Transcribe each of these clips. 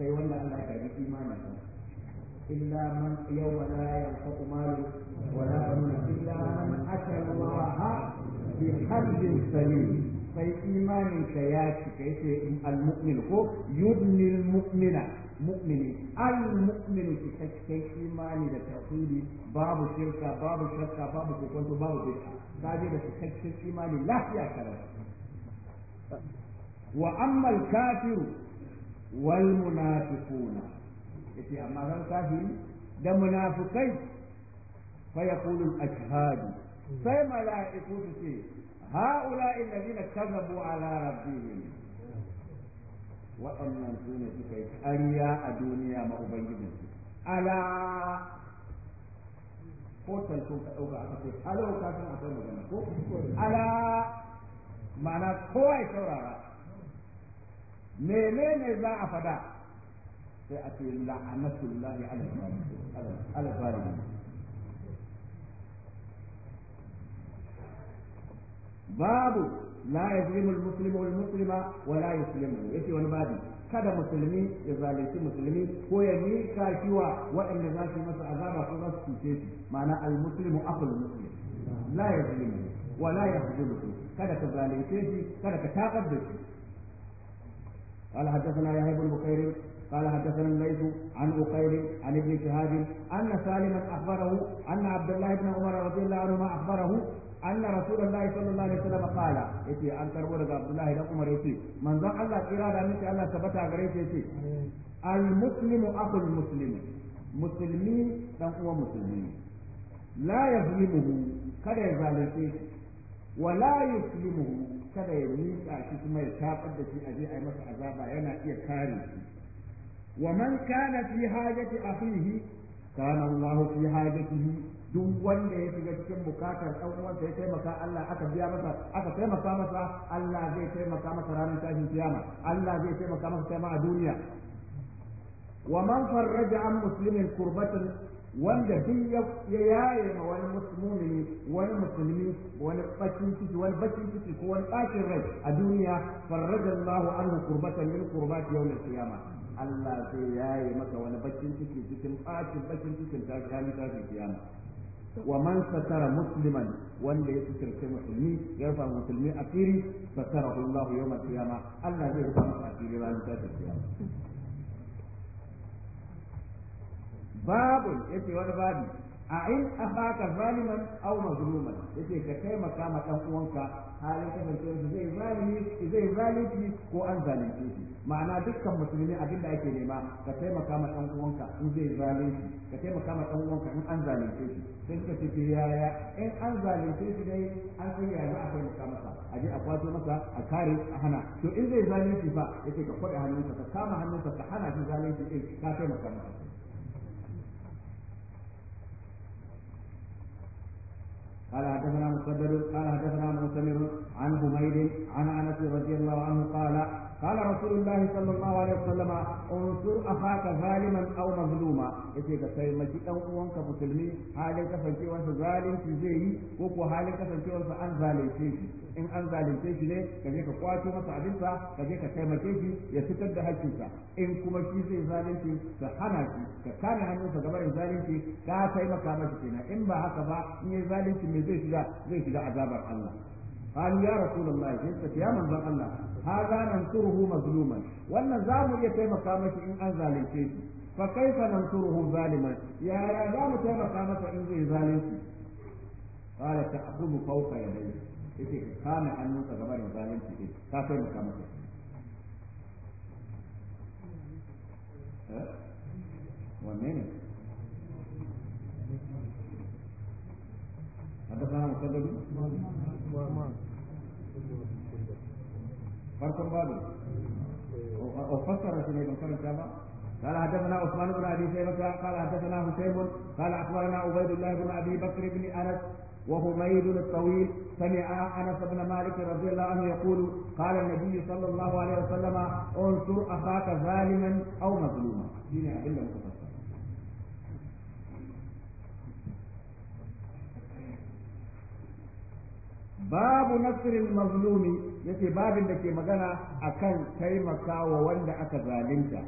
sai wanda Allah ka yi imani sa illa man yawma la yanfa'u malu wa la banuna illa man ata Allah bi qalbin salim sai imanin ka ya cika yace al-mu'min ko yudni al-mu'mina mu'mini al-mu'minu cikakken imani da tauhidi babu shirka babu shakka babu kokonto babu bid'a kaje da cikakken imani lafiya kalau wa amma al-kafiru wal munafiquna yace amma ran kafiri da munafikai fa yaqulu al ashhadu hmm. sai mala'iku su ce ha'ula'i alladhina kazzabu ala rabbihim waɗannan su ne suka yi ƙarya a duniya ma ubangijinsu ala portal sun ka ɗauka aka ce alau ka san akwai magana ko ala ma'ana kowa ya saurara menene za a fada sai a ce la'anatullahi ala zalimi babu la yuzlimul muslimu wal muslima wa la yuslimu yace wani babu kada musulmi ya zalunci musulmi ko ya mika shiwa waɗanda za su masa azaba ko za su cuce shi ma'ana al muslimu akhul muslim la yuzlimu wa la yahzuluhu kada ka zalunce shi kada ka takar da shi قال حدثنا يحيى بن بكير قال حدثنا الليث عن بكير عن ابن شهاب ان سالما اخبره ان عبد الله بن عمر رضي الله عنهما اخبره ان رسول الله صلى الله عليه وسلم قال يتي ان تربو لك عبد الله بن عمر يتي من ذا الله إرادة منك الله ثبت غريب يتي المسلم اخو المسلم مسلمين هو مسلمين لا يظلمه كذا يظلمه wala yuslimu kada ya miƙa shi kuma ya tabar da shi a je a yi masa azaba yana iya kare shi wa man kana fi hajati akhihi kana Allah fi hajatihi duk wanda ya shiga cikin bukatar ɗan uwansa ya taimaka Allah aka biya masa aka taimaka masa Allah zai taimaka masa ranar tashin kiyama Allah zai taimaka masa taimaka a duniya wa man farraja an muslimin kurbatan wanda duk ya yaye ma wani musulmi wani musulmi wani bakin ciki wani bakin ciki ko wani bakin rai a duniya farraja Allahu anhu qurbatan min qurbati yawm al-qiyamah Allah zai yaye maka wani bakin ciki cikin bakin bakin cikin ta kiyama ta kiyama wa man satara musliman wanda ya suturce musulmi ya rufa musulmi asiri satara Allah yawm al-qiyamah Allah zai rufa masa asiri ranar ta kiyama babul yace wani a a'in akhaka zaliman aw mazluman yace ka taimaka ma dan uwanka halin kasancewar shi zai zalimi zai zalunci ko an zalunce ma'ana dukkan musulmi abinda ake nema ka taimaka ma dan uwanka in zai zalunci ka taimaka ma dan uwanka in an zalunce sai suka ce yaya in an zalunce shi dai an san yaya za a taimaka masa a je a kwato masa a kare a hana to in zai zalunci ba yace ka kwada hannunka ka kama hannunka ka hana shi zalunci din ka taimaka قال حدثنا مسدد قال حدثنا معتمر عن حميد عن انس رضي الله عنه قال قال رسول الله صلى الله عليه وسلم انصر اخاك ظالما او مظلوما yace ka sai maki dan uwanka musulmi halin kasancewar sa zalunci zai yi ko ko halin kasancewar sa an zalunce shi in an zalunce shi ne ka je ka kwato masa abin sa ka je ka taimake shi ya fitar da hakkin sa in kuma shi zai zalunce ka hana shi ka kame sa gaba da zalunci ka taimaka masa kenan in ba haka ba in yayi zalunci me zai shiga zai shiga azabar Allah قالوا يا رسول الله يا من الله hadha nansuruhu mazluman wannan zamu iya taimaka mashi in an zalunce shi fa kaifa nansuruhu zaliman ya ya zamu taimaka masa in zai zalunci qala ta'khudhu fawqa yadayhi yace ka kame hannunka gaba da zalunci din ka taimaka masa eh? wanne ne حدثنا مسدد farkon babu وفسر في shi ne ban karanta قال حدثنا عثمان بن ابي شيبه قال حدثنا هشيم قال اخبرنا عبيد الله بن ابي بكر بن انس وهميد الطويل سمع انس بن مالك رضي الله عنه يقول قال النبي صلى الله عليه وسلم انصر اخاك ظالما او مظلوما. دين babu nasril mazlumi yace babin da ke magana akan taimakawa wanda aka zalinta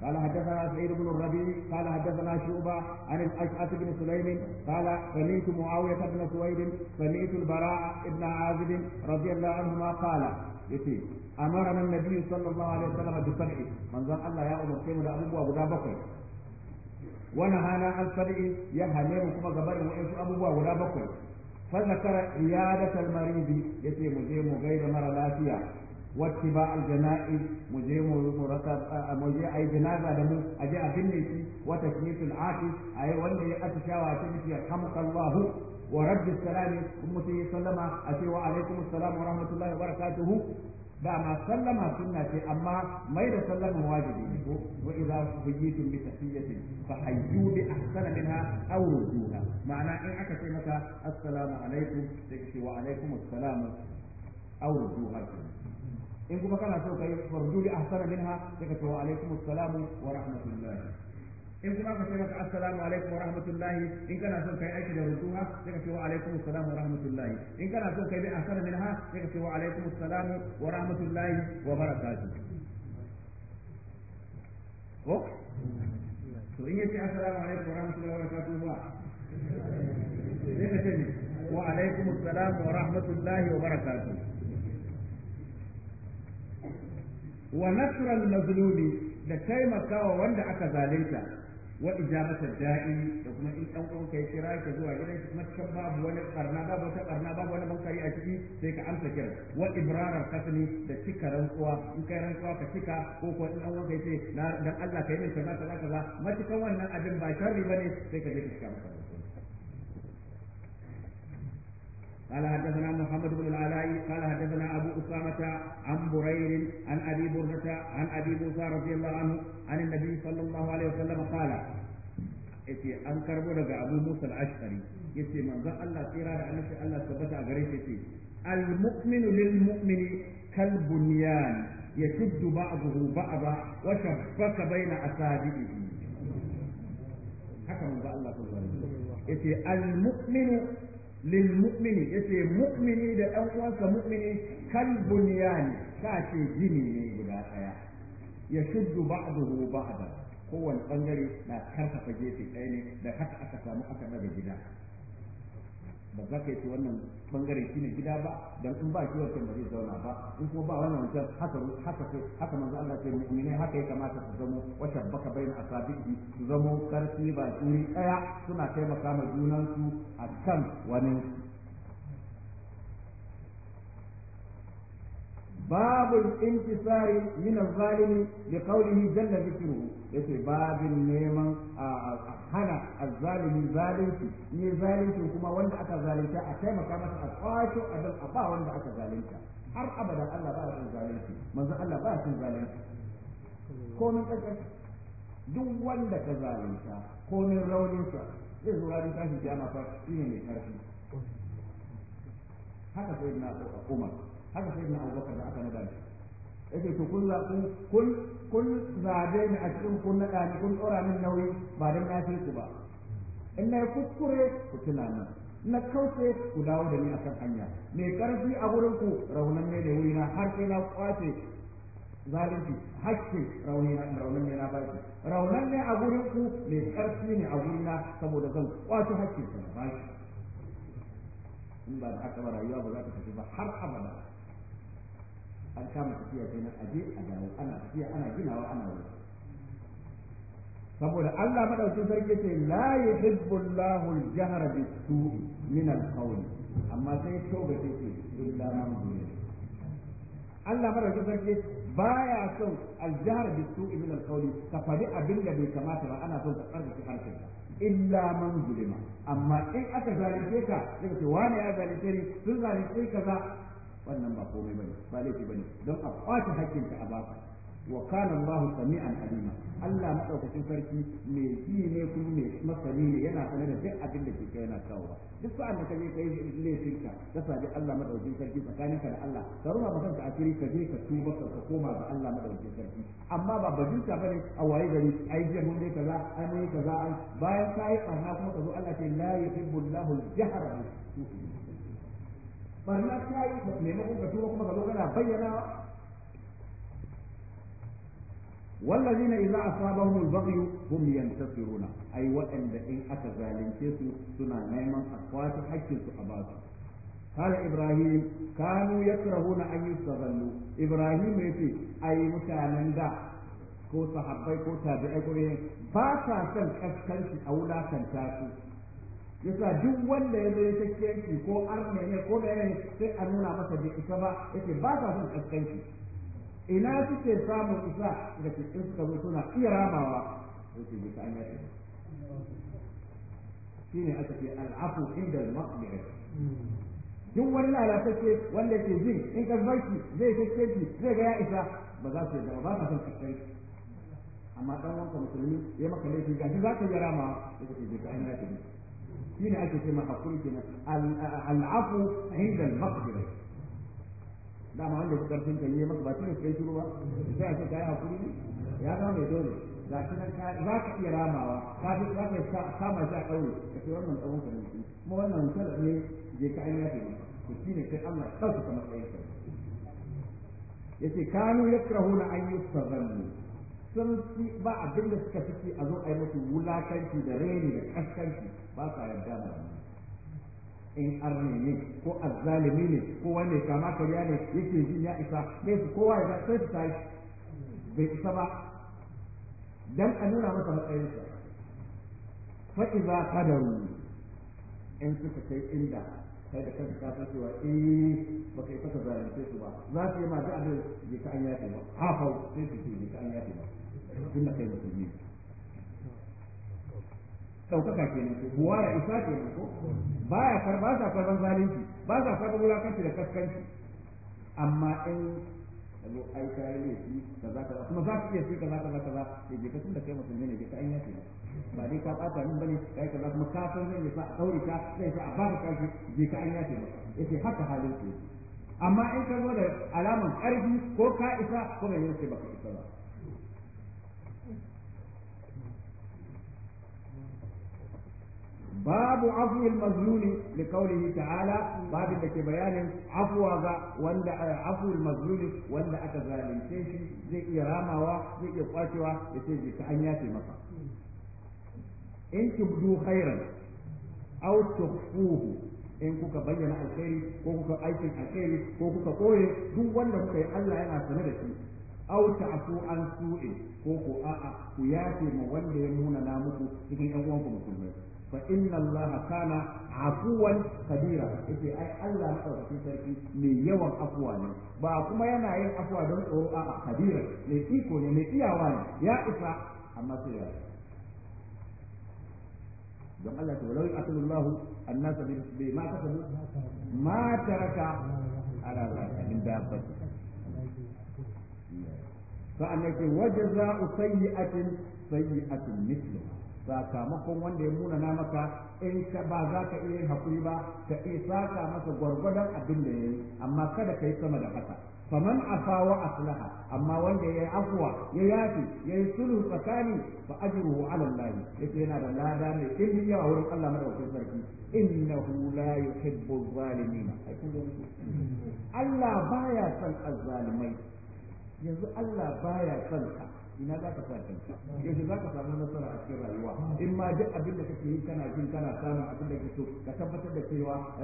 قال حدثنا سعيد بن الربيع قال حدثنا شعبة عن الأشعث بن سليم قال سمعت معاوية بن سويد سمعت البراء بن عازب رضي الله عنهما قال يتي أمرنا النبي صلى الله عليه وسلم بسبع من ظن الله يا أبو سيدنا أبو أبو بكر ونهانا عن سبع يهنيكم كما غبر وإنس أبو أبو بكر فذكر عيادة المريض يتي مجيم غير مرة لافية واتباع الجنائز مجيم مرتب مجيء أي جنازة دمو أجاء بالنسي وتكنيس العاكس أي ولي أتشاوى تمشي يرحمك الله ورد السلام أمتي سلم أتي وعليكم السلام ورحمة الله وبركاته da dama sallama sunna ce amma mai da sallama wajibi ne ko wa idza fujitum bi tahiyyatin fa hayyu bi ahsana minha aw rudduha ma'ana in aka ce maka assalamu alaikum sai ce wa alaikum assalam aw rudduha in kuma kana so kai fardu bi ahsana minha sai ka ce wa alaikum assalam wa rahmatullahi. in kuma ka ce maka assalamu alaikum wa rahmatullahi in kana son kai aiki da rutuha sai ka ce wa alaikum assalam wa rahmatullahi in kana son kai bi ahsana minha sai ka ce wa alaikum assalam wa rahmatullahi wa barakatuh ko to in yace assalamu alaikum wa rahmatullahi wa barakatuh ba sai ka ce wa alaikum assalam wa rahmatullahi wa barakatuh wa nasra al-mazlumi da taimakawa wanda aka zalunta wa ijabata da'i da kuma in dan uwanka ya kira ka zuwa gidan shi matakan babu wani karna babu wata karna babu wani bankari a ciki sai ka amsa kiran wa ibrarar kasni da cika rantsuwa in kai rantsuwa ka cika ko ko in dan uwanka ya ce dan Allah kai min kaza kaza kaza matakan wannan abin ba sharri bane sai ka je ka cika قال حدثنا محمد بن العلاء قال حدثنا ابو اسامه عن برير عن ابي برده عن ابي موسى رضي الله عنه عن النبي صلى الله عليه وسلم قال yace an karbo daga abu musa al yace manzon Allah tsira da annabi Allah tabbata a gare shi yace al-mu'minu lil-mu'mini kal bunyan yashuddu ba'dahu ba'da wa shabbaka baina asabihi haka manzon Allah sallallahu yace al-mu'minu lil mu'mini ce mu'mini da dan uwansa mu'mini kal bunyani ka ce gini ne guda ɗaya, ya shuddu ba'dahu ba'da kowane bangare na karfafa gefe ɗaya ne da haka aka samu aka daga gida ba za ka yi wannan bangare shine gida ba dan in ba shi wancan ba zai zauna ba in kuma ba wannan wancan haka haka ko haka manzo Allah ce mu'mini haka ya kamata su zama wata baka bayin asabihi su zamo karfi ba turi daya suna taimaka ma junan su akan wani babu intisari min zalimi الظالم لقوله jalla ذكره yace babin neman a hana azzalimi zalunci ne zalunci kuma wanda aka zalunta a taimaka masa a kwato abin a ba wanda aka zalunta har abada Allah ba ya zalunci manzo Allah ba ya zalunci komin kankan duk wanda ka zalunta komin rauninsa zai zo kashi tashi ma fa shine mai karfi haka sai na Umar haka sai na Abubakar da aka nada yake to kun kun kun zabe ni a cikin kun na ɗani kun ɗora min nauyi ba dan na fi ku ba in na kuskure ku tuna nan na kauce ku dawo da ni kan hanya me karfi a gurin ku raunan ne da wurina har sai na kwace zalunci hakki na raunan ne na shi raunan ne a gurin ku me karfi ne a wurina saboda zan kwace hakkin ku na in ba da aka ba rayuwa ba za ta tafi ba har abada an kama tafiya kenan aje a dawo ana tafiya ana ginawa ana wuri saboda Allah madaukin sarki ce la yuhibbu Allahu al-jahra bis-su'i min al-qawli amma sai toba ce illa man zulim Allah madaukin sarki baya son al-jahr bis-su'i min al-qawli ka fadi abin da bai kamata ba ana son ka tsarkake harshen illa man zulima amma in aka zalunce ka sai ka ce wani ya zalunce ni sun zalunce za. wannan ba komai bane ba laifi bane don a kwace ta a baka wa kana Allahu sami'an alima Allah madaukakin sarki mai si ne kuma mai masani ne yana sanar da duk abin da ke kai yana kawowa duk sa'an da kaje kai laifin ka ka sabi Allah madaukakin sarki tsakaninka da Allah ka ruba maka ka asiri ka je ka tuba ka koma ga Allah madaukakin sarki amma ba bajinta bane a waye gari ai je mun dai kaza ai mun kaza bayan kai amma kuma ka zo Allah ce la yuhibbu Allahu al-jahra bi Kannan ta yi da fulai na bauta shuka kuma na bayyana. a saba hudu ba yi in aka zalunce su suna neman akwatin hakkin su a baza. Kare Ibrahim Kano ya an yi Ibrahim yace sai, ai mutanen da, ko sahabbai ko tabi'a kuma yanzu. Ba sa son askanci a kan tasu. yasa duk wanda ya zai ya ko arne ne ko yanayi sai a nuna masa bai isa ba yake ba sa son kaskanci ina suke samun isa da cikin suka zo suna iya ramawa yake bi ta anya ne aka ce al'afu inda al-maqdira duk wani lalatacce wanda ke jin in ka zarki zai kaskanci zai ga ya isa ba za su yadda ba sa son kaskanci amma ɗan wanka musulmi ya maka laifi gashi za ka yi ramawa yake bi ta anya من أجل ما حصلتنا العفو عند المقبرة لا ما عندك كرت انت ليه ما تبعتني في شنو بقى؟ ازاي انت جاي اقول يا نعم ما يدور لكن راك يا راما هذا راك سامع جاي اقول بس هو من اول كان يمكن ما هو من سبب ليه جاي كان يمكن يمكن في امر خلص كما قلت يعني كانوا يكرهون ان يستغنوا sun fi ba abin da suka fi a zo a yi musu wulakanci da reni da kaskanci ba sa yarda da in arne ne ko azzalimi ne ko wanda kama karya ne yake jin ya isa ne su kowa ya sai su tashi bai isa ba dan a nuna masa matsayinsa fa iza qadaru in suka kai inda kai da kanka ka cewa eh ba yi fasa zalunce su ba za su yi ma da abin da ka an yafe ba hafau sai su ce je ka an yafe ba tun da kai sau ɗaukaka kenan ko buwa ya isa kenan ko ya kar ba sa karban zalunci ba sa karban wulakanci da kaskanci amma in zo ai ne shi kaza kaza kuma za su iya shi kaza kaza kaza sai eh, je ka tun da kai mutum ne ne ka an yafe ba ba dai ka bata min bane kai kaza kuma ka san zai sa a daure ka zai sa a baka kashi je ka an yace maka yace haka halin ku amma in ka zo da alaman karfi ko ka isa ko mai yace baka isa ba باب عفو المظلوم لقوله تعالى babu da ke bayanin afuwa ga wanda eh, afu almazlum wanda aka zalunce shi zai iya ramawa zai iya kwacewa yace ka an yace maka in tubdu khairan aw tukhfuhu in kuka bayyana alkhairi ko kuka aikin alkhairi ko kuka koye duk wanda kuka yi Allah yana sanar da shi aw ta'fu an su'i ko ko a'a ku yafe ma wanda ya nuna na muku cikin yan uwanku musulmai fa inna Allah kana afuwan kabira yace ai Allah madaukakin sarki mai yawan afuwa ne ba kuma yana yin afuwa don tsoro a'a kabira ne iko ne mai iyawa ne ya isa amma sai ya don Allah ta walau akallahu annas bi ma kasabu ma taraka ala min dabbat sa'an yake wajaza'u sayyi'atin sayyi'atin mithluha sakamakon wanda ya munana maka in ka ba za ka iya hakuri ba ka iya saka masa gwargwadon abin da ya yi amma kada ka yi sama da haka faman afa wa aslaha amma wanda yi يا ya yafi يسلو فكاني tsakani على الله يتينا Allah yake yana da lada mai dimbin yawa wurin Allah madaukakin sarki innahu la yuhibbu zalimin Allah baya son azzalimai yanzu ina za ka sa kanka yanzu za ka samu nasara a cikin rayuwa in ma duk abin da kake yi kana jin kana samun abin da kake so ka tabbatar da cewa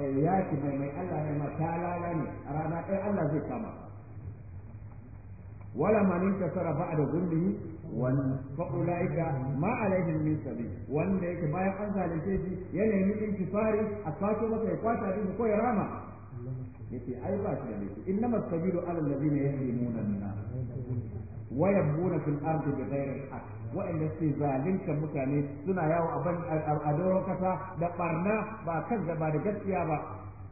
ki mai mai Allah ne ma talala ne a rana ɗaya Allah zai kama wala man intasara ba'da zulmihi wal fa ulaika ma alaihim min sabil wanda yake bayan an zalunce shi yana yin intifari a kwato masa ya kwata din ko ya rama yace ai ba shi da laifi innamas sabilu ala alladhina yahlimuna an-nas wa yabuna fil ardi bighayri al-haqq waɗanda suke zalunta mutane suna yawo a doron kasa da ɓarna ba kan ba da gaskiya ba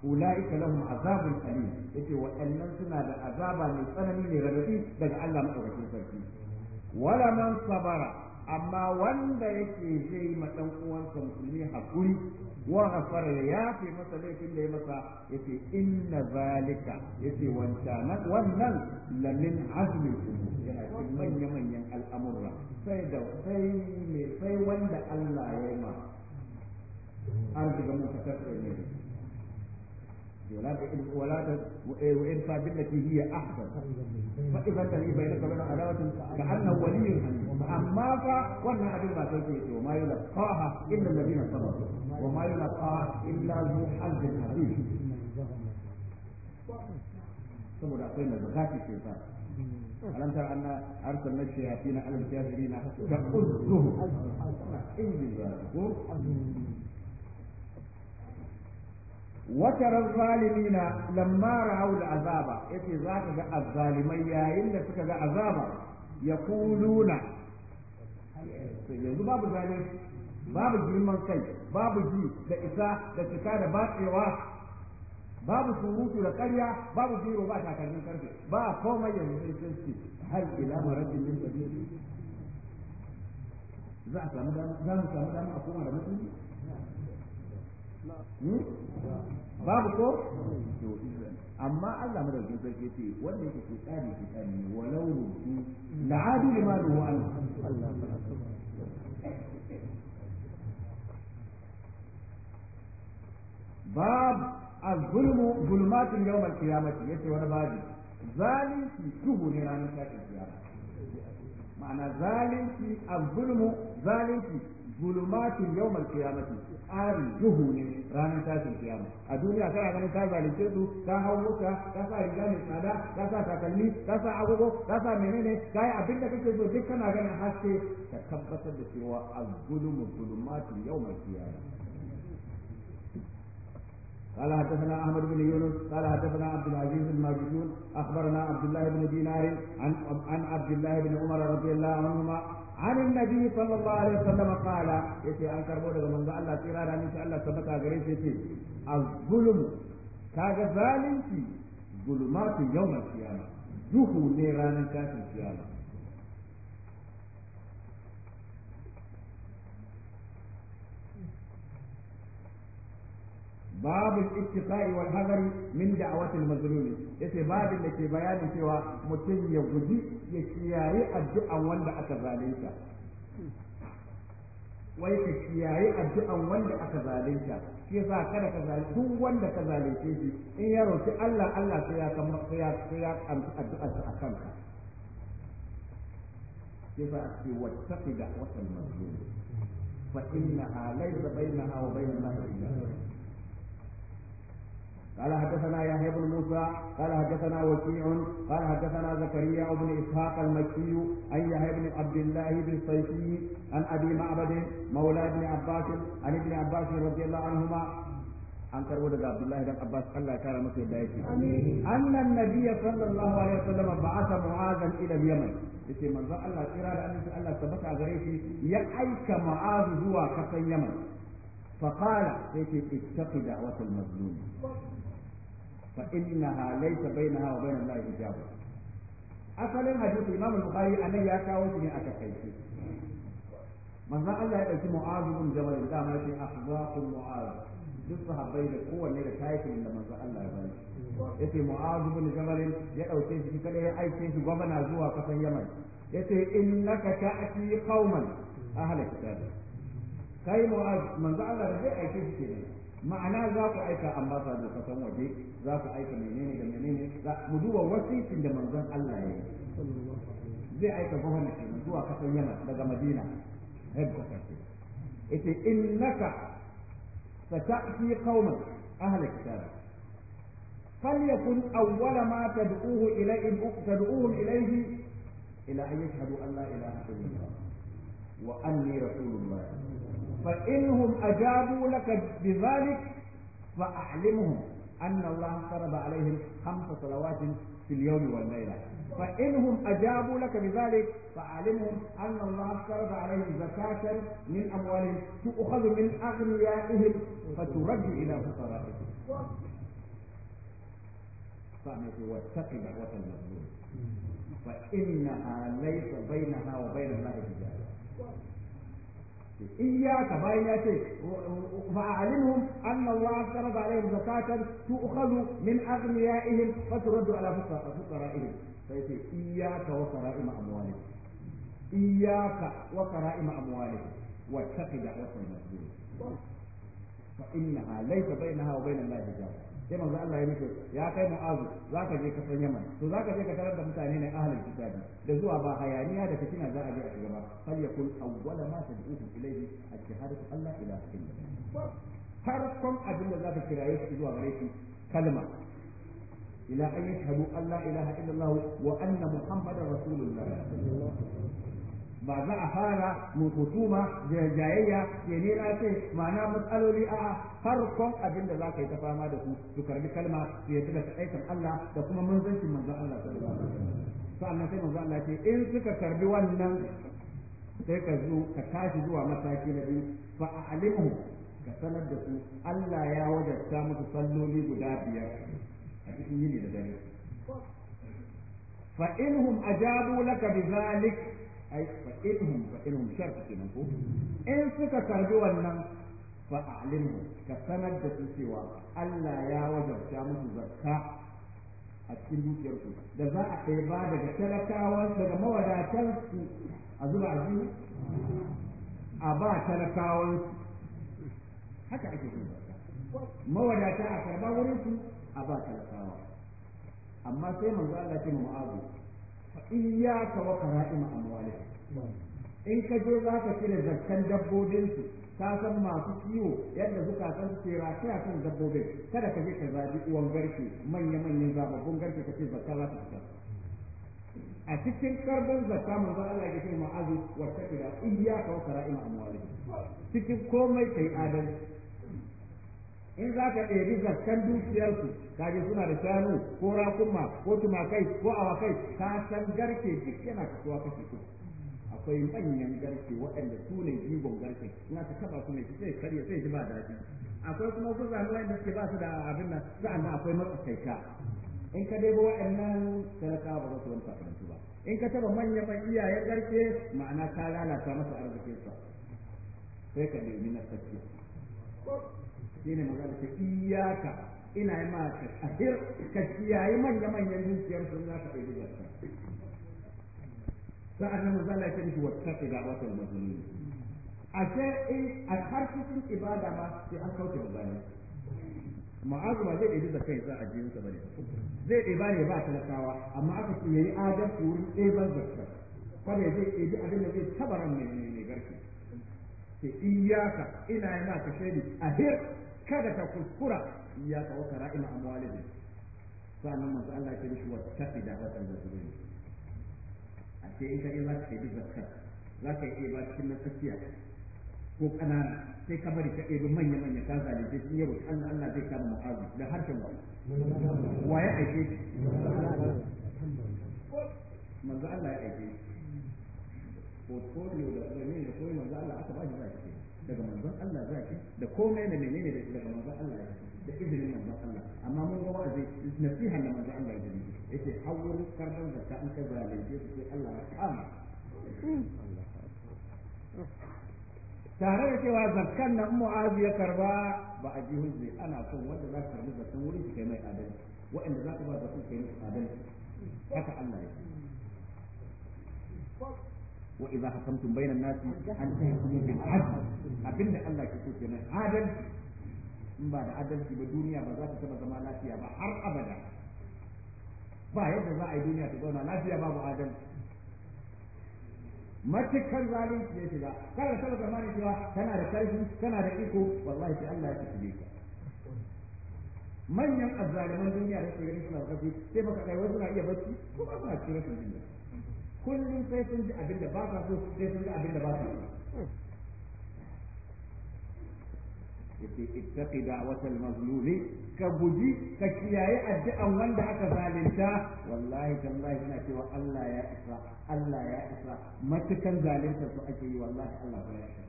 ulaika lahum azabun alim yace waɗannan suna da azaba mai tsanani ne radadi daga Allah madaukakin sarki wala man sabara amma wanda yake zai ma dan uwansa musulmi hakuri wa ghafara ya yafi masa laifin da ya masa yace inna zalika yace wancan wannan lamin azmi yana cikin manyan manyan al'amura sai da sai sai wanda Allah ya yi ma arzika mun ka ne ولا ولا إيه، بالتي هي احسن فاذا تلي بينك وبين عداوه كانه ولي اما فقلنا وانا ما تلقيته إيه، وما يلقاها الا الذين صبروا وما يلقاها الا ذو حظ عظيم saboda akwai nazarati ce ta alam tara anna arsalna shayatin ala al-kafirin ta'udduhum Wata وترى الظالمين لما رأوا yace يتي ga الظالمين yayin da suka ga azaba yaquluna yanzu babu zalim babu girman kai babu ji da isa da cika da batsewa babu surutu da karya babu biro ba takalmin karfe ba komai yanzu sai hal ila marabbi min za a samu dama za mu samu dama a koma da mutunci Hmm? babu ko amma Allah madaukin sarki ce wanda yake ke tsari ke tsari ne walau rubu la'adu lima ruhu an bab az-zulmu zulmatun yawm al-qiyamati yace wani babu zalunci duhu ne ranar tashin kiyama ma'ana zalunci az-zulmu zalunci zulumatun yawmal qiyamati ari duhu ne ranar tashin kiyama a duniya kana ganin ka zalunce su ka hau mota ka sa riga mai tsada ka sa takalmi ka sa agogo ka sa menene ka yi abin da kake so duk kana ganin haske ka tabbatar da cewa az-zulumu zulumatun yawmal qiyamati قال حدثنا احمد بن يونس قال حدثنا عبد العزيز الماجدون اخبرنا عبد الله بن دينار عن عن عبد الله بن عمر رضي الله عنهما عن النبي صلى الله عليه وسلم قال يتي ان كربو daga manzo Allah tsira da ni Allah tabbata gare shi yace az-zulm kaga zalunci zulmatu yawm al-qiyamah duhu ne ranar tashin kiyama babu ittiqai wal hadari min da'awatil mazlumi yace babu da ke bayanin cewa mutum ya guji ya kiyaye addu'an wanda aka zalunta wai ka kiyaye addu'an wanda aka zalunta shi yasa kada ka zalunci duk wanda ka zalunce shi in ya roki Allah Allah sai ya kamar sai ya sai ya amsa addu'ar sa akan ka yasa ake wattaqi da'watal mazlum fa inna laysa bainaha wa bain Allah illa قال حدثنا وكيع قال حدثنا زكريا بن اسحاق المكي اي بن عبد الله بن الصيفي عن ابي معبد مولى ابن عباس عن ابن عباس رضي الله عنهما عن كربو عبد الله بن عباس قال لا كان مثل ذلك ان النبي صلى الله عليه وسلم بعث معاذا الى اليمن لكن من Allah kira ترى annabi Allah ta baka gare shi ya aika ma'azu zuwa kasan Yaman fa qala yake ittaqi fa innaha laysa bainaha wa bainal lahi hijab asalin hadisi imam al-bukhari anan ya kawo shi ne a takaice manzo Allah ya dauki mu'az bin jabal da ma yake ahzaqul duk sahabbai da kowanne da tayakin da manzo Allah ya bani yace mu'az bin jabal ya dauke shi kada ya aike shi gwamna zuwa kasan yaman yace innaka ta'ti qauman ahla kitab kai mu'az manzo Allah da zai aiki shi kenan ma'ana za ku aika ambasa da kasan waje za ka aika menene da menene mu duba wasitin da manzon Allah ya yi zai aika gwamnati kenan zuwa kasan yana daga madina headquarters ita innaka sata'ti qauman ahli kitab فليكن أول ما تدعوه إليه تدعوهم إليه إلى أن يشهدوا أن لا إله إلا الله وأني رسول الله فإنهم أجابوا لك بذلك فأعلمهم أن الله فرض عليهم خمس صلوات في اليوم والليلة فإنهم أجابوا لك بذلك فعلمهم أن الله فرض عليهم زكاة من أموالهم تؤخذ من أغنيائهم فترد إلى فقرائهم فأنت واتق دعوة المظلوم فإنها ليس بينها وبين الله حجاب إياك بايناتي فأعلمهم أن الله افترض عليهم زكاة تؤخذ من أغنيائهم فترد على فقرائهم فيقول إياك وكرائم أموالهم إياك وكرائم أموالهم واتق دعوة المسجون فإنها ليس بينها وبين الله حجاب sai manzo Allah ya ya kai mu'azu ka je kasan Yaman to za ka je ka tarar da mutane ne ahlul kitabi da zuwa ba hayaniya da fitina za a je a shiga ba fal yakun awwala ma tad'uhum ilayhi al-shahadatu alla ilaha har kun abin da za ka kiraye su zuwa gare shi kalma ila an yashhadu an la ilaha allah wa anna muhammadar rasulullah ba za a fara mu hukuma da jayayya ke ne na ce ma'ana matsaloli a farkon abin da za ka yi ta fama da su su karbi kalma su yi da aikin Allah da kuma manzancin manzon Allah ta alaihi sa'annan sai manzon Allah ce in suka karbi wannan sai ka zo ka tashi zuwa mataki na biyu fa alimu ka sanar da su Allah ya wajabta musu salloli guda biyar a cikin yini da dare fa inhum ajabu laka bi zalik ai fa inhum fa inhum sharf kenan ko in suka karbi wannan fa a'limu ka sanar da su cewa Allah ya wajabta musu zakka a cikin dukiyarsu da za a kai ba daga talakawa daga mawadatan su a zuba a biyu a ba talakawan su haka ake yin zakka mawadata a karba wurin su a ba talakawa amma sai manzo Allah ya ce mu'azu iyyaka wa qara'im amwalihim in ka je za ka cire zakkan dabbobinsu ka san masu ciwo yadda suka san su ke ya kan dabbobin kada ka je ka zabi uwan garke manya manyan zababbun garke ka ce zakka za ka fita a cikin karbon zakka zan Allah ya ce ma'azu wa takira iyyaka wa qara'im amwalihim cikin komai kai adalci in za ka ɗebi gaskan dukiyarku kaji suna da shanu ko rakunma ko tumakai ko awakai ka san garke duk yana kasuwa kashe su akwai manyan garke waɗanda su ne jigon garke ina ka taba su ne sai karya sai ji ba daɗi akwai kuma gurzalu wanda suke ba su da abin nan sa'annan akwai matsakaita in ka debo waɗannan talaka ba za su wani fa'idantu ba in ka taba manyan iyayen garke ma'ana ka lalata masa arzikinsa sai ka nemi na tsakiya shine magana ta iyaka ina yi ma ka ahir ka kiyaye manya manyan dukiyar sun za ka da zakka sa'an nan manzo Allah ya tafi da wata mazuni a ce in a harkokin ibada ma sai an kauce da bayan ma'azu ba zai ɗebi kai za a jiyinsa ne zai ɗeba ne ba talakawa amma aka ce yayi adalci wurin ɗeban zakka kwanai zai ɗebi abin da zai tabaran mai mai garki sai iyaka ina yana ka a ahir kada ta kuskura ya kawo ra'in amwalihim sannan manzo Allah ya ce wa tafida da tanzurin a ce in kai za ka yi zakka za ka yi ba cikin na tsakiya ko kanana sai ka bari ka ɗebi manya manya ka zalice shi yau an Allah zai kama mu'azu da harshen wa wa ya aike shi manzo Allah ya aike portfolio da ne da koyi manzo Allah aka ba shi zaki daga manzon Allah za ki da komai da menene da daga manzon Allah ya da izinin manzon Allah amma mun ga wa'azi nasiha da manzon Allah ya yake hawwar karban ta in ka zalunce su sai Allah ya kama tare da cewa zakkan na mu'azi ya karba ba a ji hujji ana son wanda za ka karbi zakkan wurin su kai mai adalci wa'anda za ka ba zakkan kai mai adalci haka Allah ya ce wa idza hakamtum bainan nasi an tahkumu bil adl abinda Allah ke so kenan adal in ba da adalci ba duniya ba za ta taba zama lafiya ba har abada ba yadda za a yi duniya ta zauna lafiya babu adalci matukan zalunci ya shiga kada kada zamanin cewa kana da karfi kana da iko wallahi sai Allah ya tafi ka manyan azzaliman duniya da suke suna da sai baka kai wasu suna iya bacci ko ba suna cikin rashin jin kullum sai sun ji abin da ba ka so sai sun ji abin da ba ka so yace ittaqi da'watal mazlumi ka guji ka kiyaye addu'an wanda aka zalunta wallahi tallahi yana cewa Allah ya isa Allah ya isa matukan zalunta su ake yi wallahi Allah ba ya isa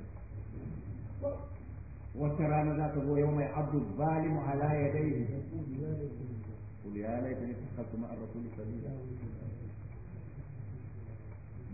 wata rana za ta zo yau mai abdu zalimu ala yadayhi qul ya laitani takhasuma ar-rasul sabila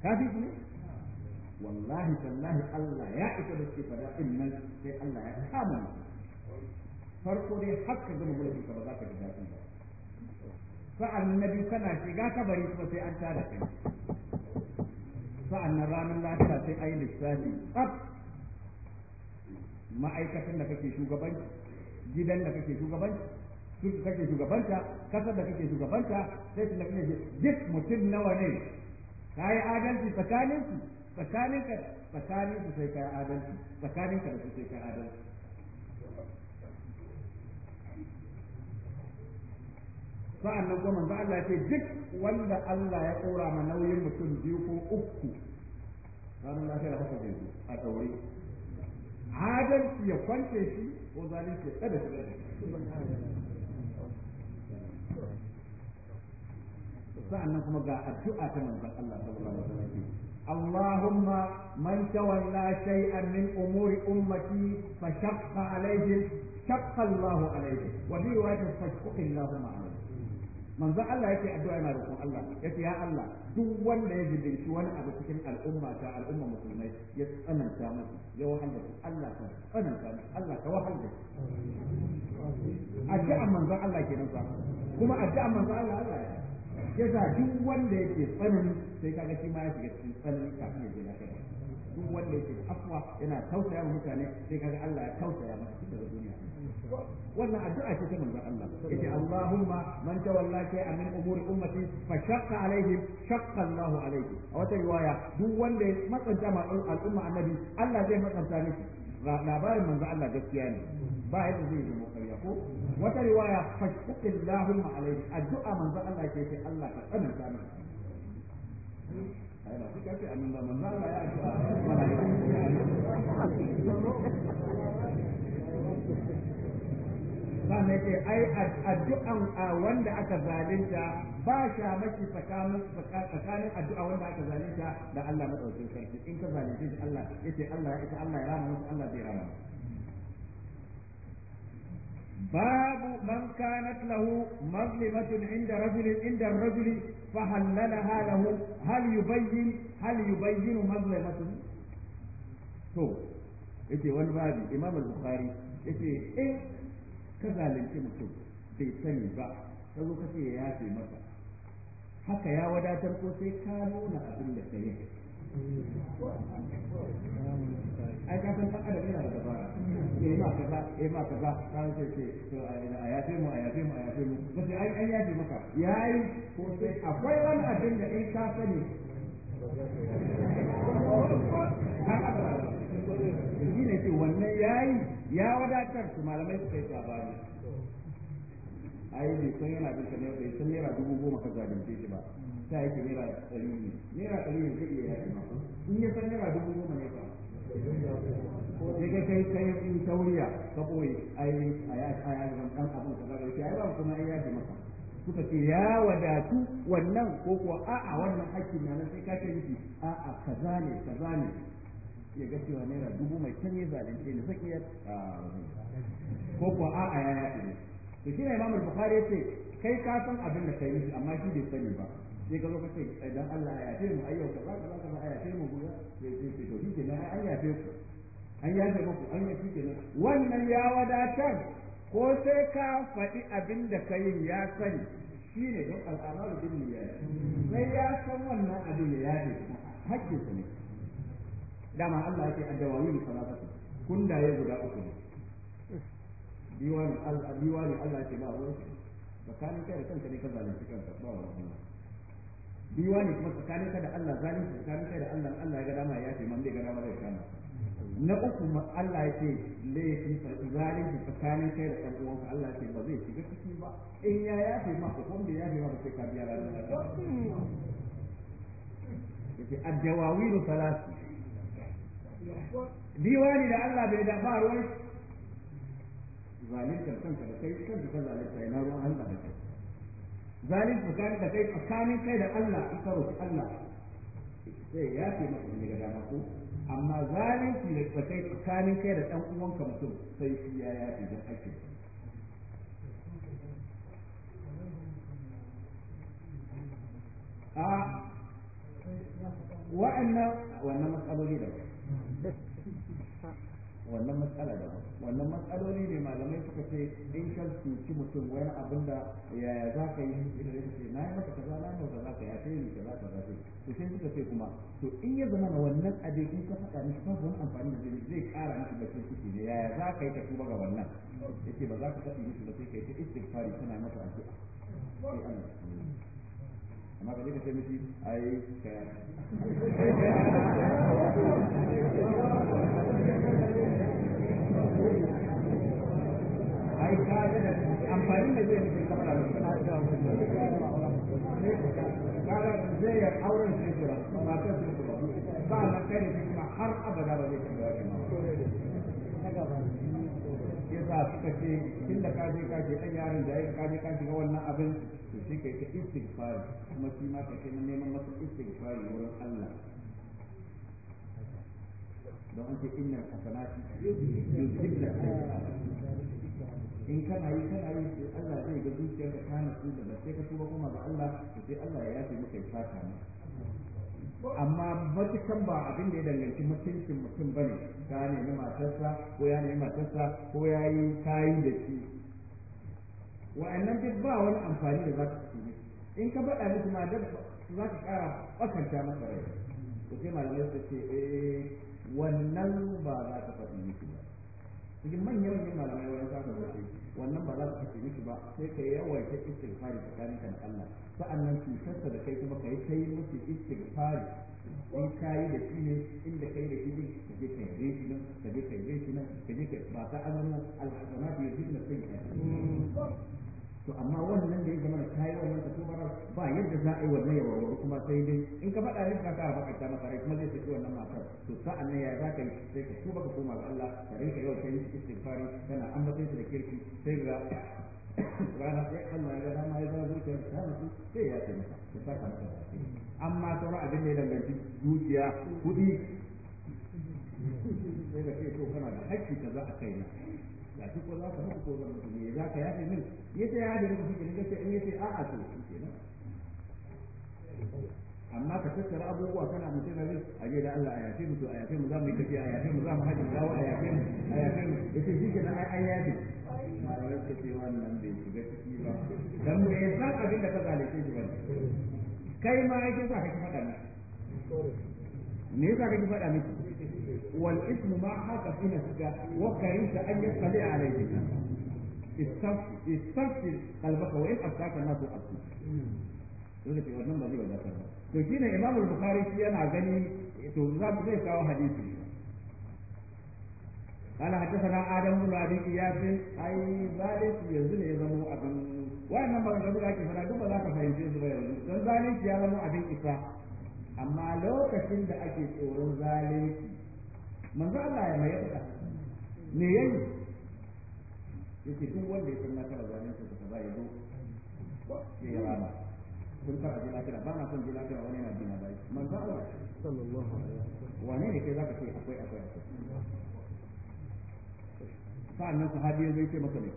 ka fi ne wallahi tallahi Allah ya isa da ke fada din nan sai Allah ya kama mu farko dai har ka gama mulkin ka ba za ka ji daɗi ba sa'an na biyu kana shiga kabari kuma sai an tada kai sa'an na ranar lafiya sai ayi lissafi tsaf ma'aikatan da kake shugabanci gidan da kake shugabanci kake shugabanta kasar da kake shugabanta sai tunda kake duk mutum nawa ne yi adalci tsakanin su tsakanin ka tsakanin su sai kai adalci tsakanin ka da su sai kai adalci nan kuma manzo Allah ce duk wanda Allah ya kora ma nauyin mutum biyu ko uku ranar lafiya da haka zai a tsauri adalci ya kwance shi ko zalunci ya tsada shi sa'annan kuma ga addu'a ta manzon Allah sallallahu alaihi wasallam اللهم من تولى شيئا من امور امتي فشق عليه شق الله عليه وفي روايه فاشق اللهم عليه manzo Allah yake addu'a yana roƙon Allah yace ya Allah duk wanda ya zubinci wani abu cikin al'umma al'umma musulmai ya tsananta masa ya wahala shi Allah ka tsananta masa Allah ka wahala shi addu'a manzo Allah kenan fa kuma addu'a manzo Allah Allah yasa duk wanda yake tsanani sai kaga shi ma ya shiga cikin tsanani kafin ya je lafiya duk wanda yake afwa yana tausaya wa mutane sai kaga Allah ya tausaya masa cikin duniya wannan addu'a ce ta manzon Allah yace Allahumma man tawalla shay'an min umuri ummati fa shaqqa alaihim shaqqa Allah alaihi a wata riwaya duk wanda ya matsanta ma al'umma annabi Allah zai matsanta miki labarin manzo Allah gaskiya ne ba yadda zai zama ƙarya ko wata riwaya fashkuqillahumma alayhi addu'a manzo Allah ke ce Allah ka ta mana ai ba kika ce annabi manzo Allah ya addu'a sannan ce ai addu'an wanda aka zalinta ba sha maki tsakanin tsakanin addu'a wanda aka zalinta da Allah madaukakin sarki in ka zalunce shi Allah yace Allah ya ita Allah ya rama musu Allah zai rama babu man kanat lahu mazlimatun inda rajulin inda rajuli fa halalaha lahu hal yubayyin hal yubayyinu mazlimatun to yace wani babu imam bukhari yace in ka zalunci mutum bai sani ba ka zo ka ce ya yafe masa haka ya wadatar ko sai ka nuna abin da ka yi ai ka san fa'ada yana da dabara eh ma kaza eh ma kaza ka ce ce to a yafe mu a yafe mu a yafe mu ka ce ai ai yafe maka yayi ko sai akwai wani abin da in ka sani ne ce wannan ya yi ya wadatar su malamai suka yi a yi ne san yana bin ne bai san naira dubu goma ka zalunce shi ba ta yake nera ɗari ne nera ɗari ne zai iya yaƙi ma in ya san nera dubu goma ne fa sai kai kai kai in tauriya ka ɓoye ai a ya a ya zan ɗan abin ka zaga shi ai ba kuma ai yaƙi maka suka ce ya wadatu wannan ko kuwa a'a wannan hakkin na nan sai ka ce miki a'a kaza ne kaza ne ya ga cewa naira dubu mai can ya zalunce ni zan iya ko kuwa a'a ya yaɗe ne to shi ne imam al-bukhari ce kai ka san abin da kai miki amma shi bai sani ba sai ka zo ka ce idan Allah ya yafe mu ayyau ka kaza kaza ya yafe mu guda sai sai ce to shike nan an yafe ku an yafe muku an yafe shike nan wannan ya wadatar ko sai ka faɗi abin da kai ya sani shi ne don al'amarin duniya sai ya san wannan abin ya yafe kuma hakkin ne dama Allah yake addawawi bi salatati kundaye guda uku ne diwani Allah diwani Allah yake ba wani tsakanin kai da kanka ne ka zalunci kanka ba wani diwani kuma tsakanin ka da Allah zalunci tsakanin kai da Allah Allah ya ga dama ya ce man bai ga dama zai kana na uku Allah ya ce laifin zalunci tsakanin kai da ɗan Allah ya ce ba zai shiga cikin ba in ya ce ma ko bai yafe maka sai ka biya ranar da yake addawawi salati diwani da Allah bai da ba ruwan zalintar kanka da kai kanka ka zalinta ina ruwan Allah da kai zalin tsakanin da kai tsakanin kai da Allah in ka Allah sai ya ce maka ne ga dama amma zalunci da kai tsakanin kai da ɗan uwanka mutum sai shi ya yafi don ake a wa'annan wannan matsaloli da wannan matsala da ba wannan matsaloli ne malamai suka ce in ka cuci mutum wani abin da yaya za ka yi da ya ce na yi maka kaza na yi maka za ka ya ce ni kaza ka ce to sai suka ce kuma to in ya zama na wannan abin in ka faɗa ni kuma zama amfani da zai zai ƙara da bakin ciki ne yaya za ka yi ka tuba ga wannan yake ba za ka tafi mishi ba sai ka yi ta istighfari tana masa addu'a sai Allah amma ka ka ce mishi yi da amfani da zai yi kamar zai auren sai kira matar ba na kare kuma har abada ba zai yasa suka ce tun da kaje kaje ɗan yaron da ya yi kaje kaje ga wannan abin to shi kai ta istighfar kuma shi ma kai ne neman masa istighfar wurin Allah don an ce inna hasanati yuzhibna in kana yi kana yi sai Allah zai ga zuciyarka kana su da sai ka tuba kuma ga Allah sai Allah ya yafe maka ya saka maka amma matukan ba abin da ya danganci mutuncin mutum bane ka nemi matarsa ko ya nemi matarsa ko ya yi kayi da shi wa'annan duk ba wani amfani da za ka ci in ka faɗa musu ma da za ka ƙara kwatanta masa rai to sai malamai su ce eh wannan ba za ka faɗi musu ba cikin manyan manyan malamai wani sa ka wannan ba za ka kashe miki ba sai ka yawaita istighfari tsakanin ka da Allah sa'annan cutarsa da kai kuma ka yi kai musu istighfari in ka yi da shi ne inda kai da shi ne ka je ka yabe shi nan ka je ka yabe shi nan ka je ka ba ta azama alhasanatu yuzibna sayyi'at to amma wannan da ya zama da kayi wannan da kuma ba yadda za a yi wannan yawa wani kuma sai dai in ka faɗa yin ka ba ta masa rai kuma zai saki wannan matar to sa'an nan ya za ka yi sai ka tuba ka koma ga Allah ka rinka yau kai istighfari kana ambaton shi da kirki sai ga rana sai Allah ya ga ma ya zama zuciyar ta mutu sai ya taimaka masa saka masa amma sauran abin da ya danganci zuciya kuɗi sai ka ce to kana da haƙƙi kaza a kaina ga shi ko za ka mutu ko zan mutu ne za ka yafe min yace ya da mutu kenan yace in yace a'a to kenan amma ka tattara abubuwa kana mutum na zai aje da Allah a yafe mu a yafe mu za mu yi tafiya a yafe mu za mu haji mu dawo a yafe mu a yafe mu yace shi kenan ai ai yafe malamai suka ce wannan bai shiga ciki ba dan mu ya san abin da ka zalunce shi ba kai ma ya yake sa ka ki faɗa ne me yasa ka ki faɗa miki والاسم ما حاك في نفسك وكرهت أن يطلع عليك استفسر قلبك وإن أفتاك الناس أفتاك dole ce wannan ba zai wadatar ba إمام البخاري في أنا shi yana gani to حديثي قال حدثنا آدم بن ابي اياس أي ذلك يزن يزمو ابن وانا ما غادر اكي فلا دوبا ذاك فهمتي زبير dan zalunci ya zama abin amma lokacin da ake tsoron zalunci manzo Allah ya mai yadda me yayi yace duk wanda ya san na zalunci to kaza ya zo ko ya rama kun fara ji lafiya ba na son ji lafiya wani yana jina bai manzo Allah sallallahu alaihi wasallam wani ne ke zaka ce akwai akwai akwai sa'annan sahabi ya zai ce maka ne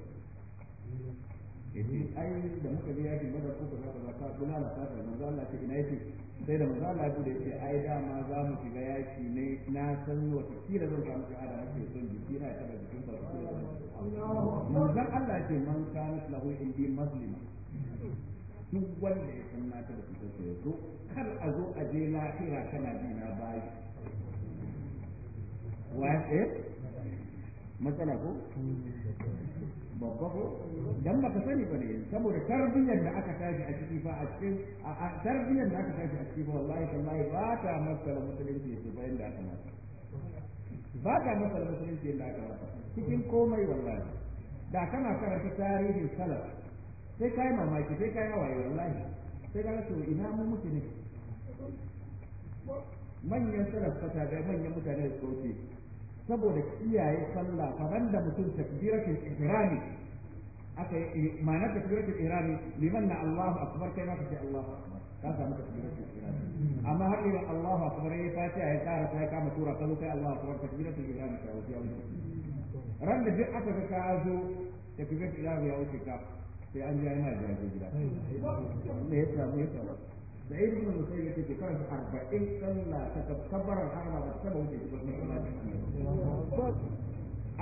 yace ai da muka je yakin badar ko kaza kaza ka kula da ta manzo Allah ce ina yake sai da manzo Allah ya bude ai da ma za mu shiga yaki ne na san wata kila zan samu shahada ake son jiki na ta da jikin sa manzo Allah ya ce man kana lahu indi muslima duk wanda ya san nata da jikin sa yazo kar a zo a je lahira kana bi na bayi wa eh matsala ko babba ko dan baka sani ba ne saboda tarbiyyar da aka tashi a ciki fa a cikin tarbiyyar da aka tashi a ciki fa wallahi tallahi ba ta matsala musulunci su bayan da aka mata ba ta matsala musulunci da aka mata cikin komai wallahi da kana karanta tarihin salaf sai kai mamaki sai kai hawaye wallahi sai ga to ina mu muke ne manyan salaf fata da manyan mutane da suke saboda kiyaye sallah faran da mutum takbiratul ihrami aka eh, ma'ana takbiratul ihrami liman na Allahu akbar kai ma ka ce Allahu akbar ka samu takbiratul ihrami amma har idan Allahu akbar yayi fatiha ya tsara sai ka mu tura kallo kai Allahu akbar takbiratul ihrami ka wuce wuce ran da duk aka ga ka zo takbiratul ihrami ya wuce ka sai an ji ai ma gida me ya samu سعيد بن المسيب يكي كان أربعين صلى تكبر الحرم بالسبع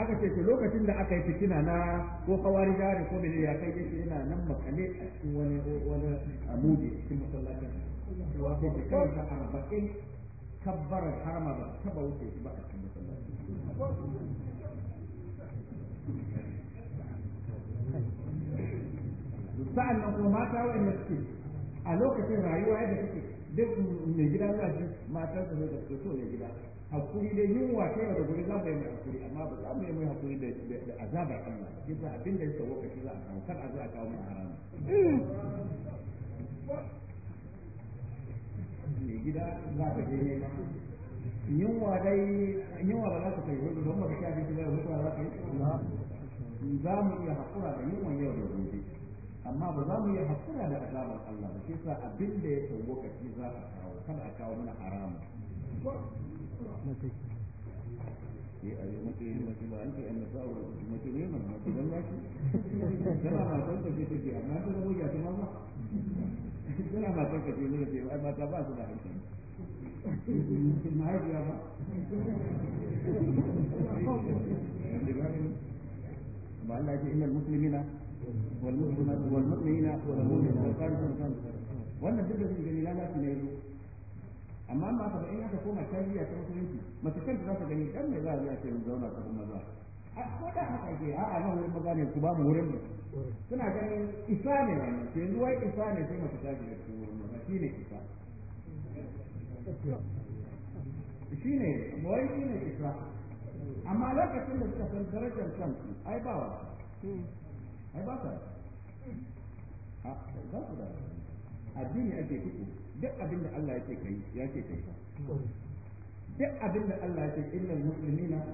aka ce to lokacin da aka yi fitina na ko kawari da ko mene ya kai yake yana nan makale a cikin wani wani amudi cikin masallacin wato da kansa arba'in kabbarar harama ba taba wuce shi ba a cikin masallacin sa'an nan kuma mata wa'anda suke a lokacin rayuwa yadda take duk mai gida na ji matar su ne da so mai gida hakuri dai yin ta yau da gobe za mu yi mai hakuri amma ba za mu yi mai hakuri da azabar Allah ba kisa abin da yake woka shi za a kawo kar a zo a kawo mai harama mai gida za ka je nema yunwa dai yunwa ba za ka kai hudu don ba ka sha abinci ba za ka yi za mu iya hakura da yunwa yau da gobe amma ba za mu yi hakura da azabar Allah ba shi sa abin da ya ka shi za a kawo kada a kawo mana haramu a yi mace yin da ce والمسلمات والمؤمنين والمؤمنين والقانتين wannan duk da suke gani lalaci ne amma ma ka in aka koma tarbiyya ta musulunci mace kanta za ta gani dan me za a ce mu zauna ta kuma za a ko haka ke a a nan wurin maza ne ku ba mu wurin mu suna ganin isa ne wannan to yanzu isa ne sai mace ta shiga cikin wurin maza shine isa shine wai shine isa amma lokacin da suka san darajar can ai ba wa ai ba ka a ba ku da addini ake kuku duk abin da Allah yake kai ya ce kai duk abin da Allah ya ce innal wal muslimat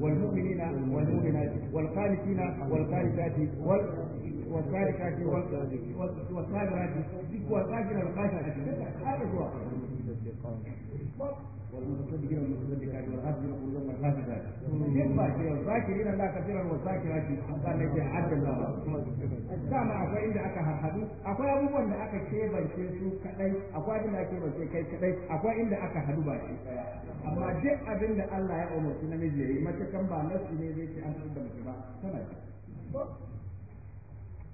wal mu'minina wal mu'minat wal qanitina wal qanitati wal والصالحات والصابرات والصابرات والصابرات والقاشعات هذا هو الشيطان dama akwai inda aka harhadu akwai abubuwan da aka kebance su kadai akwai abin da aka kebance kai kadai akwai inda aka haɗu ba shi amma duk abin da Allah ya umarci namiji yayi mace kan ba nasu ne zai ce an da mace ba tana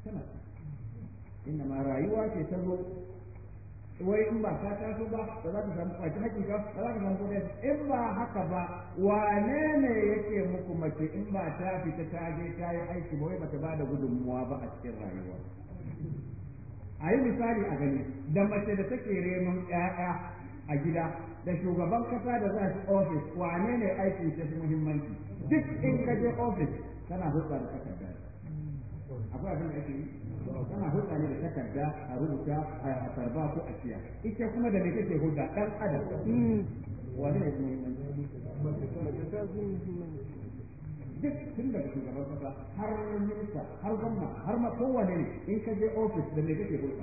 tana inna ma rayuwa ce ta zo wai in ba ka taso ba ba za ka samu kwaci haƙi ka ba za ka samu in ba haka ba wane ne yake muku mace in ba ta fita ta je ta yi aiki ba wai ba ta ba da gudunmuwa ba a cikin rayuwa a yi misali a gani da mace da take renon ƴaƴa a gida da shugaban kasa da za su ofis wane ne aikin ta fi muhimmanci duk in ka je ofis kana hulɗa da takarda akwai abin da ake yi kana hulɗa ne da takarda a rubuta a karba ko a siya ita kuma da me kake hulɗa dan adam wani ne duk tun daga shugaban kasa har minista har gwamna har ma kowane ne in ka je ofis da me kake hulɗa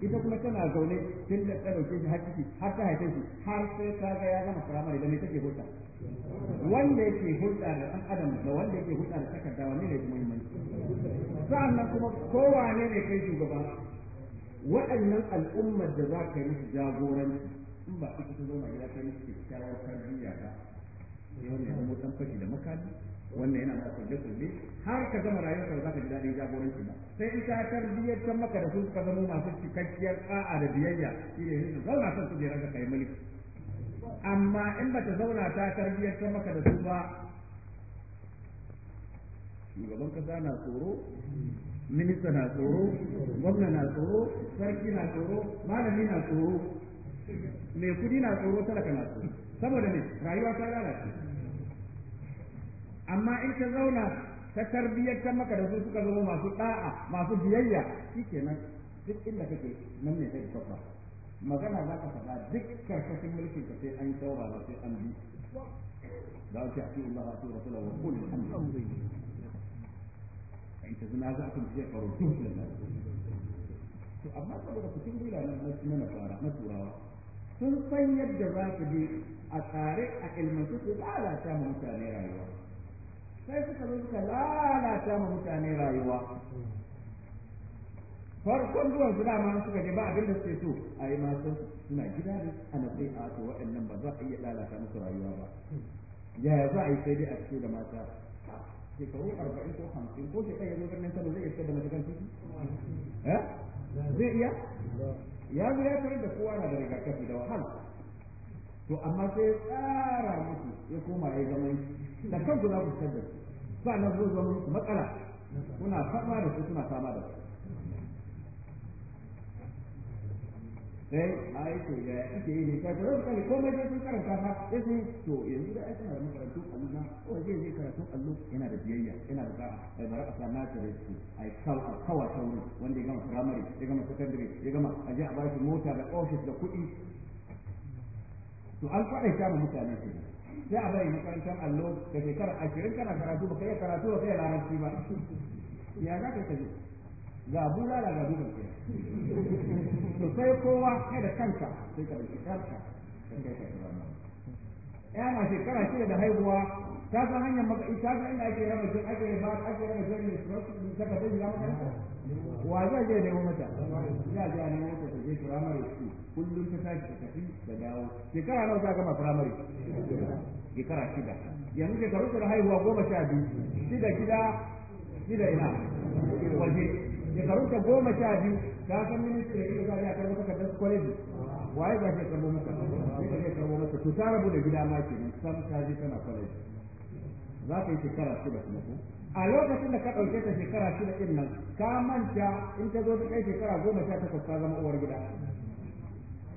ita kuma tana zaune tun da ta dauke shi har ciki har ta haife shi har sai ta ga ya gama firamare da me kake hulɗa wanda yake hulɗa da ɗan adam da wanda yake hulɗa da takarda wani ne kuma Sa'an sa'annan kuma kowane ne kai shugaba waɗannan al'ummar da za ka yi su jagoranci in ba ita kusa zauna gida ta yi su kyakkyawar tarbiyya ba wannan ya zama ɗan fashi da makami wannan yana masa kulle kulle har ka zama rayuwarka ba za ka ji daɗin jagoranci ba sai ita tarbiyyar ta maka da su ka zama masu cikakkiyar a'a da biyayya shi ne zauna son kujerar ka kai mulki amma in ba ta zauna ta tarbiyyar ta maka da su ba shugaban kasa na tsoro minista na tsoro gwamna na tsoro sarki na tsoro malami na tsoro mai kudi na tsoro talaka na tsoro saboda ne rayuwa ta lalace amma in ta zauna ta tarbiyyar ta maka da su suka zama masu da'a masu biyayya shikenan duk inda kake nan ne kai babba magana za ka faɗa duk karkashin mulkin ka sai an saurara sai an bi da ake ake Allah ba su rasula wa kullu alhamdulillah in ta zina za ku je karo to amma saboda ku tun gila nan na na fara na turawa sun san yadda za ku je a tsare a ilmantu su lalata ma mutane rayuwa sai suka zo suka lalata ma mutane rayuwa farkon zuwan su dama suka je ba abin da suke so a yi masu suna gida da a sai a to waɗannan ba za a iya lalata musu rayuwa ba yaya za a yi sai dai a ce da mata shekaru arba'in ko hamsin ko shekara ya zo birnin kano zai iya fito da mata kan titi eh? zai iya ya zo ya tarar da kowa na da rigakafi da wahala to amma sai ya tsara musu ya koma ya zama da kanku za ku fitar da su sa'an nan zo zama matsala kuna fama da su suna fama da su sai eh, ai to ya kike yi ne ka to ka ko mai da sun karanta fa yace to yanzu da aka da makarantu Allah ko zai zai karatu allo yana da biyayya yana da da'a a bara asa da ta rashi ai kawa kawa tauri wanda ya gama firamare ya gama secondary ya gama aje a ba shi mota da ofis da kuɗi to an faɗa ta mutane su sai a bayi makarantar allo da shekara ashirin kana karatu ba kai karatu ba kai larabci ba ya za ka tafi ga bula da ga dubin ke to sai kowa kai da kanka sai ka dauki kanka kai ka tsara ya na shekara shida da haihuwa ta san hanyar maka ta san inda ake rama jin ake ba ake rama jin ne su saka ta shiga makaranta wa zai je nemo mata ya ga ne mata ta je primary shi kullum ta tashi ta tafi da dawo shekara nawa ta gama primary shekara shida yanzu shekaru da haihuwa goma sha biyu shida gida shida ina waje shekarun ta goma sha biyu ta san ministry ne za a karɓo maka dan kwaleji waye ba shi karɓo maka ne ka zai maka to ta rabu da gida ma ke sam ta ji tana kwaleji za ka yi shekara shida kuma ko a lokacin da ka ɗauke ta shekara shida ɗin nan ka manta in ta zo ta kai shekara goma sha takwas ta zama uwar gida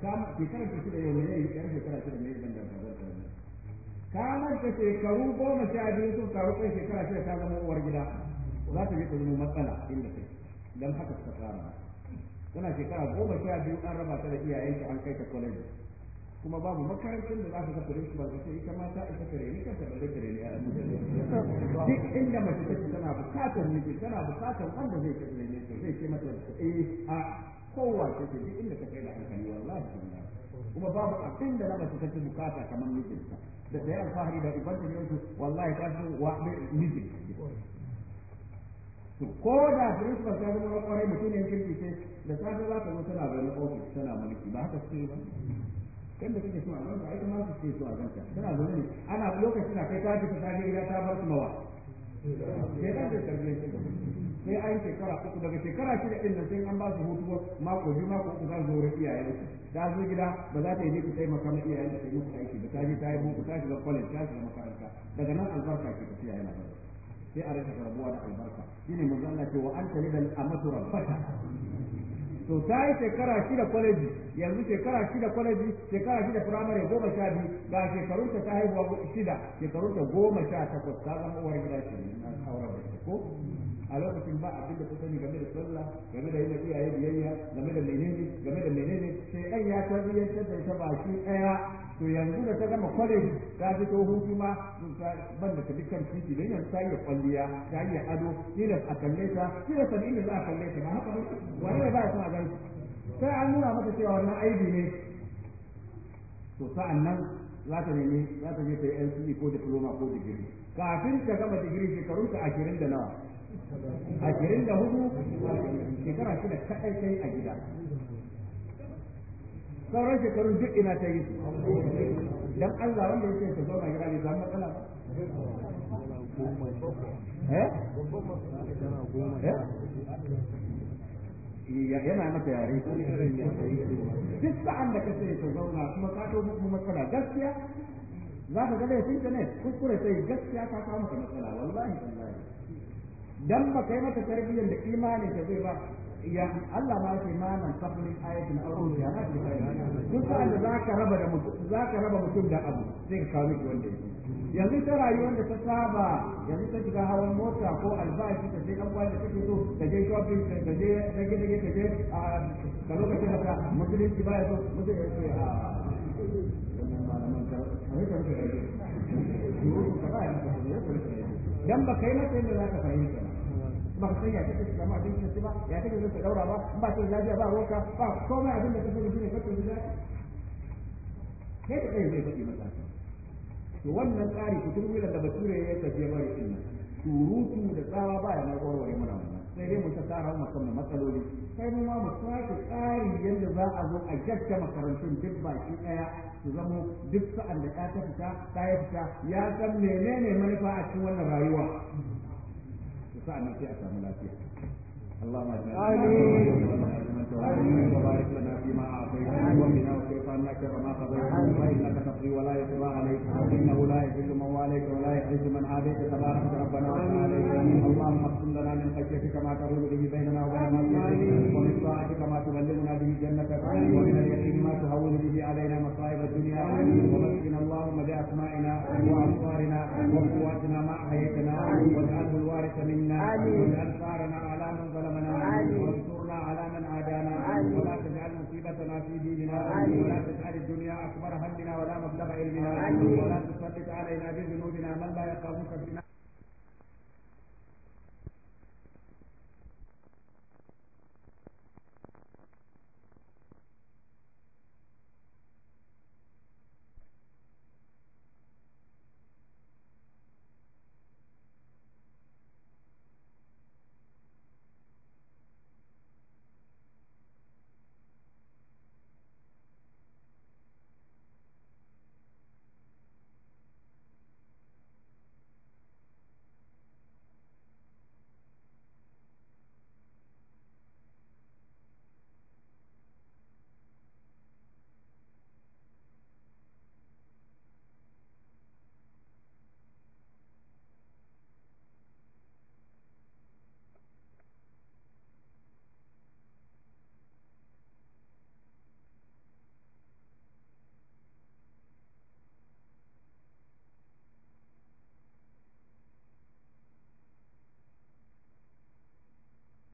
shekarar ta shida yau ne ya shekara shida ne ban da ka manta shekaru goma sha biyu sun karu kai shekara shida ta zama uwar gida za ta yi ta zama matsala inda kai don haka suka fara tana shekara goma sha biyu an raba ta da iyayenta an kai ta kwaleji kuma babu makarantar da za ka kafa rinsu ba sai ita mata ita kare ni kan ta zai kare ni a duk inda mace take tana bukatar miji tana bukatar wanda zai kare ni zai ce mata eh a kowa ta ce duk inda ka kai da hankali wallahi ta tallahi kuma babu abin da na mace take bukata kamar mijinta da da alfahari da ibadar yanzu wallahi ta wa mijinta to ko da principal ta zama kwarai mutum ne kirki sai da safe za ka zo tana bari office tana mulki ba haka suke ba kan da kake so a ganka ai ma su ce so a ganka tana zo ne ana lokacin da kai ta tafi ta gida ta bar su mawa sai ran da tarbiyyar sai an shekara uku daga shekara shida din nan sai an ba su hutu mako biyu mako uku za su zo wurin iyayen su ta zo gida ba za ta yi ku taimaka ma iyayen ta yi muku aiki ba ta je ta yi muku ta shiga college ta shiga makaranta daga nan albarka ke tafiya yana barka sai a rasa karbuwa da albarka ne manzo Allah ce wa anta lidal amatu rabbaka to ta yi shekara shida kwaleji yanzu shekara shida kwaleji shekara shida firamare goma sha biyu ga shekarun ta haihuwa shida shekarun ta goma sha takwas ta zama uwar gida ce auren da ko a lokacin ba abin da ta sani game da sallah game da yin iyaye biyayya game da menene game da menene sai dan ya tarbiyyantar da ta shi ɗaya to yanzu da ta gama college ta fito hutu ma ban da ta dukkan titi don yanzu ta yi kwalliya ta yi ado kila a kalle ta kila sabi da za a kalle ta ba haka ba wani ne ba ya son a sai an nuna mata cewa wannan aibi ne to sa'an nan za ta nemi za ta je ta yi LCE ko diploma ko digiri kafin ta gama digiri ta ashirin da nawa ashirin da hudu shekara shida kaɗai ta yi a gida sauran shekarun duk ina ta yi su dan Allah wanda yake ta zauna gida ne zama matsala ba eh? Eh? yana mata yare duk sa'an da kace ta zauna kuma ka to muku matsala gaskiya za ka ga laifin ta ne kuskure sai gaskiya ta kawo maka matsala wallahi wallahi dan ba kai mata tarbiyyar da imanin ka zai ba ya Allah ba ce ma nan fahmin ayatin aure ya na ce duk sa'an da zaka raba da mutum zaka raba mutum da abu zai ka kawo miki wanda yake yanzu ta rayuwar da ta saba yanzu ta shiga hawan mota ko albashi ta je dan uwa da kake so ta je shopping ta je rage rage ta je a lokacin da musulunci ba ya so musulunci a ah. dan ba kai masa yadda za ka fahimta ba ka san ya kake ka samu abin ba ya kake zai daura ba ba ka lafiya ba roka ba komai abin da kake ne kake ji daɗi kai da kai zai faɗi masa to wannan tsari kutun wilan da bature ya tafi bari din nan surutu da tsawa ba ya na warware mana wannan sai dai mu ta tsara mu kan matsaloli sai mu ma mu sake tsari yadda za a zo a jacce makarantun duk baki daya su zamo duk sa'an da ta fita ta ya fita ya san menene manufa a cikin wannan rayuwa sa ni sai a samu lafiya Allah ma ta a kai kuma bina wa kai fa na ka ba ma ka bai kuma inna اللهم بأسمائنا وأبصارنا وقواتنا ما أحييتنا واجعله الوارث منا واجعل ثارنا على من ظلمنا وانصرنا على من عادانا ولا تجعل مصيبتنا في ديننا ولا تجعل الدنيا أكبر همنا ولا مبلغ علمنا ولا تسلط علينا بذنوبنا من لا يخافك فينا